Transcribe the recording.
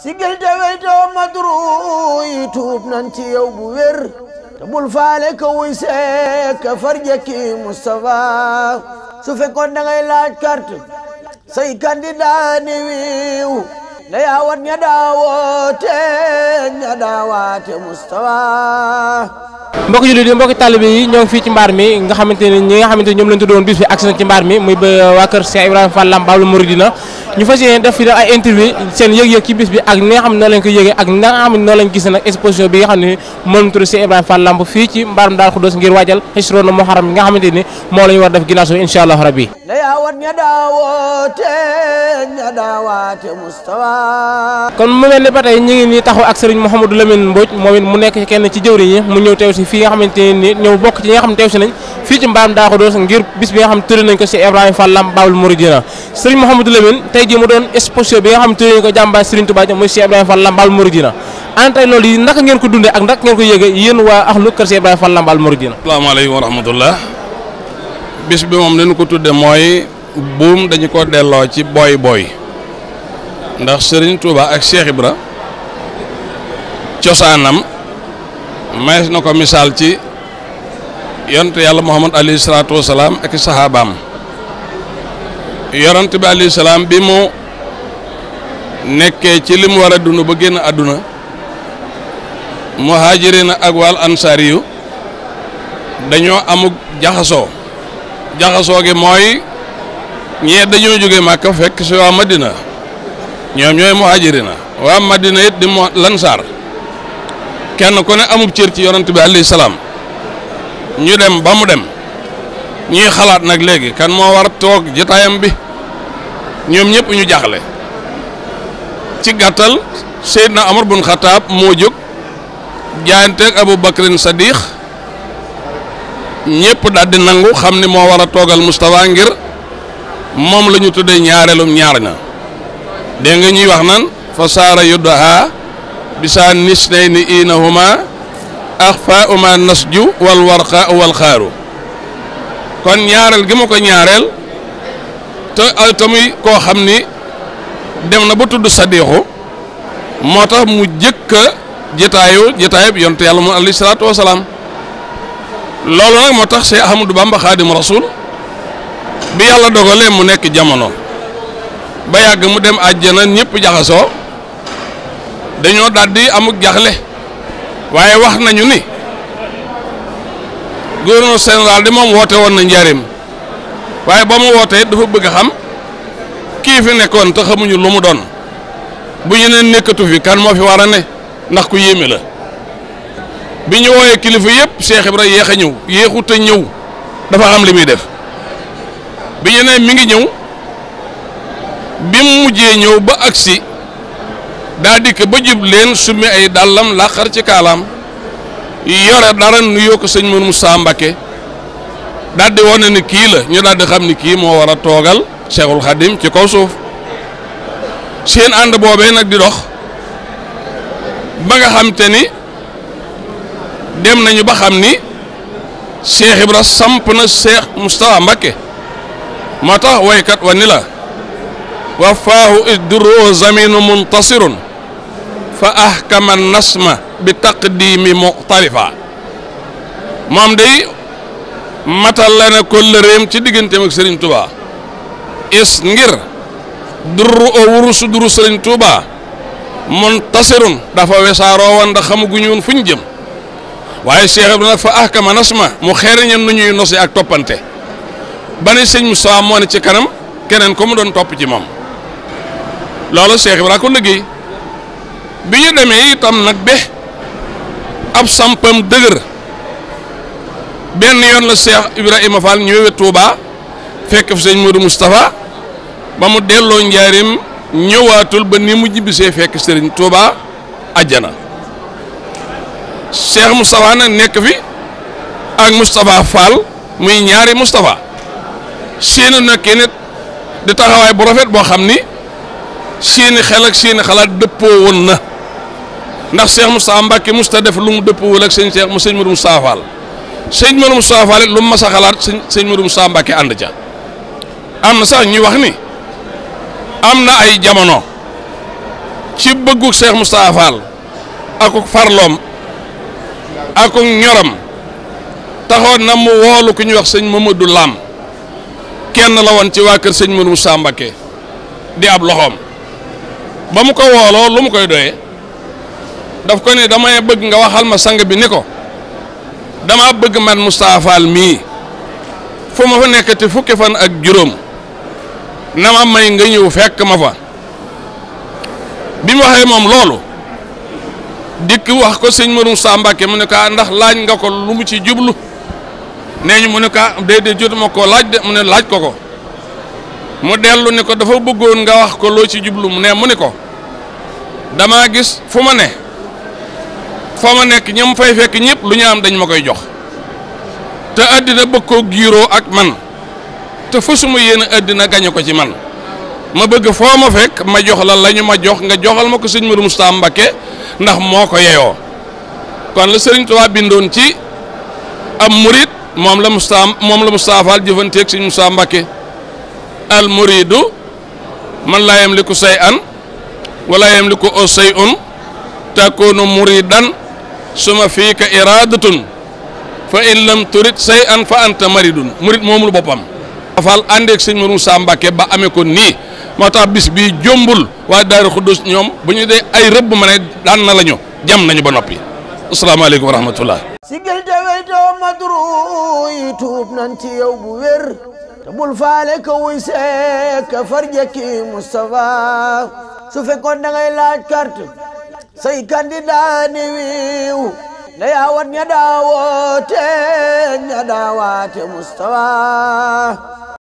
sigil te weytoo madru yi tuub nan ci bu wér te bul faale ka wuy ka farjaki Moustapha su fekkoon da ngay laaj carte say candidat wiiw na yaawat ña daawoote ña daawaate Moustapha mbok jullit yi mbok talibi yi ñong fi ci mbar mi nga xamanteni ñi nga xamanteni ñom lañ tuddoon bis fi agsi na ci mbar mi muy ba waa kër Cheikh ibrahim Fall Lamp Baabul Mouridina ñu fas def fi ay interview seen yeg yeg ci bis bi ak ñi nga xam ne lañ ko yëgee ak na nga xam ne lañ gis nak exposition bi nga xamni mom tour Cheikh ibrahim Fall Lamp fi ci mbar Daaru Xudoos ngir waajal xisroona Muharram nga xamanteni mo lañ war def ginnaaw inshallah rabbi la yaawat ña daawoote ña daawaate Mustafa kon mu melni batay ñi ngi ni taxaw ak Serigne mohammed Lamine Mbodj momin mu nekk kenn ci jëwri ñi mu ñew teew ci fi nga xamanteni ni bok ci nga xam tew ci nañ fi ci mbam da ko doos ngir bis bi nga xam teure nañ ko ci Ibrahim Fallam Lamp Mouridina Serigne Mouhamadou Lamine tay ji mu doon exposition bi nga xam teure nañ ko jamba Serigne Touba ja muy si Ibrahima Fall Lamp Mouridina antay lool yi nak ngeen ko dundé ak nak ngeen ko yëgee yeen wa akhlu kër si Ibrahim Fallam Lamp Mouridina Assalamu alaykum wa rahmatullah bis bi mom nañ ko tuddé moy boom dañ ko delloo ci boy boy ndax Serigne Touba ak Cheikh Ibrahim ciosanam mais na ko misaal ci yonte yalla muhammad Ali sallatu wasalam ak sahabam yonte bi ali sallam bi mo nekke ci lim wara dunu ba génn aduna muhajirin ak wal ansari yu dañoo amu jaxaso jaxaso ge moy ñe dañoo joge makka fekk ci wa madina ñom ñoy muhaajiriina wa madina it di lansar kenn ko ne amub ciir ci yonent bi alayhi salam ñu dem ba mu dem ñi xalaat nak legi kan mo war tok jotaayam bi ñom ñëpp ñu jaxlé ci gàttal Amar bun Xataab mujuk, jantek Abu Bakrin Sadiq ñëpp dal di nangu xamni mo wara togal mustafa ngir mom lañu tuddé ñaarelum ñaarna de nga ñuy wax nan fa sara yudha inahuma akhfa uma nasju wal warqa wal kharu kon ñaaral gi ma ko ñaareel to ay tamuy ko xamni dem na ba tuddu sadiqu motax mu jekk a jataayu jataayub yonte yàlla alayhi salatu Ahmadu Bamba khadim rasul bi yalla dogale mu nek jamono ba yag mu dem aljana ñepp jaxaso dañoo daal di amuk jaxle waaye wax nañu ni gouverneur général di moom woote woon na njariñ waaye ba mu wootee dafa bëgg a xam kii fi nekkoon te xamuñu lu mu doon bu ñu nee nekkatu fi kan moo fi war a ne ndax ku yéeme la bi ñu wooyee kilifa yëpp Cheikh Ibra yéex a ñëw yéexut a ñëw dafa am li muy def bi ñu nee mi ngi ñëw bi mu mujjee ñëw ba agsi daldi dikk ba jub len summi ay la xar ci kalam yore dara nuyo ko sëñ Mor Moussa mbake daldi di wane ni kii la ñu daldi xamni ki mo wara togal Cheikhul Khadim ci kaw suuf seen and bobé nak di dox ba nga xam tane dem nañu ba xamni Cheikh Ibra samp na Cheikh Moustapha mbake mata way kat wanila wafahu idru muntasirun fa ahkama nasma bi taqdimi muxtalifa moom day matal la ne kóllëreem ci digganteem ak sëriñ Touba is ngir duru o wurusu duru sëriñ Touba mun tasirun dafa wesaaroo woon ndax xamaguñu woon fu ñu jëm Cheikh fa ahkama nasma mu xeereñam nu ñuy nosi ak toppante ba ne sëñ Moussa moo ne ci kanam keneen ko mu ci Cheikh ko bi ñu demee itam nag be ab sampam dëgër benn yoon la Cheikh Ibrahima Fall ñëwee Touba fekk fi sëñ Modou Moustapha ba mu delloo njaarim ñëwaatul ba ni mu jibbisee fekk sëriñ Touba ajjana Cheikh Moustapha nag nekk fi ak Moustapha Fall muy ñaari Moustapha seeni nekkee nit di taxawaay bu boo xam ni seeni xel ak seeni xalaat dëppoo woon na ndax Cheikh moussa Mbacke musta def lu mu wol ak seigne Cheikh mu sëñ Modou Moustapha Fall seigne mourou moussa Fall lu ma mas a xalaat sëñ Mbacke ànd am sax ñuy wax ni am na ay jamono ci bëggu Cheikh moussa Fall akuk farlom akuk ñoram taxon na mu wolu ku ñu wax seigne Mamadou Lam kenn la won ci wa keur seigne mourou moussa Mbacke di ab loxom ba mu ko wolo lu mu koy doye daf ko ne damay bëgg nga waxal ma sang bi niko dama bëgg man mustafa mii fu ma fa nekkati fukki fan ak juroom na ma may nga ñëw fekk ma fa bi mu waxe mom lolu dik wax ko seigne mourou Sa mu ne ka ah, ndax laaj nga ko lu mu ci jublu neñu mu ne ko jott ma ko laaj de mu ne laaj ko ko mu delu ne ko dafa bëggoon nga wax ko lo ci jublu mu ne mu ne ko dama gis fuma ne fama nek ñam fay fek ñep lu ñam am dañ makoy jox te adina bëkk koo giiroo ak man te fa yeen adina àddina ko ci man ma bëgg foo ma ma jox la lañu ma jox nga joxal mako ko Mourou Moustapha Mbacké ndax moko yeyo kon la touba bindon ci am murid mom la Moustapha mom la Moustapha jëfante ak Moustapha al muridu man la yamliku an wala yamliku o takunu muridan suma fiika iradatun fa in lam turit say an fa anta maridun murit moomul boppam faal àndeeg sëñ Mourou Moussa Mbacke ba amee ko nii moo tax bi bii jombul waaye Daaru Xuddus ñoom bu ñu dee ay rëbb ma ne daan na la jam nañu ba noppi asalaamaaleykum wa rahmatullah sigil te weytoo madru yi tuub nan ci bu wér te bul faale ko wuy seek farjëkki su fekkoon da ngay laaj carte say candidat ni wiiw ne oh. yaawat daawoote ña daawaate Mustafa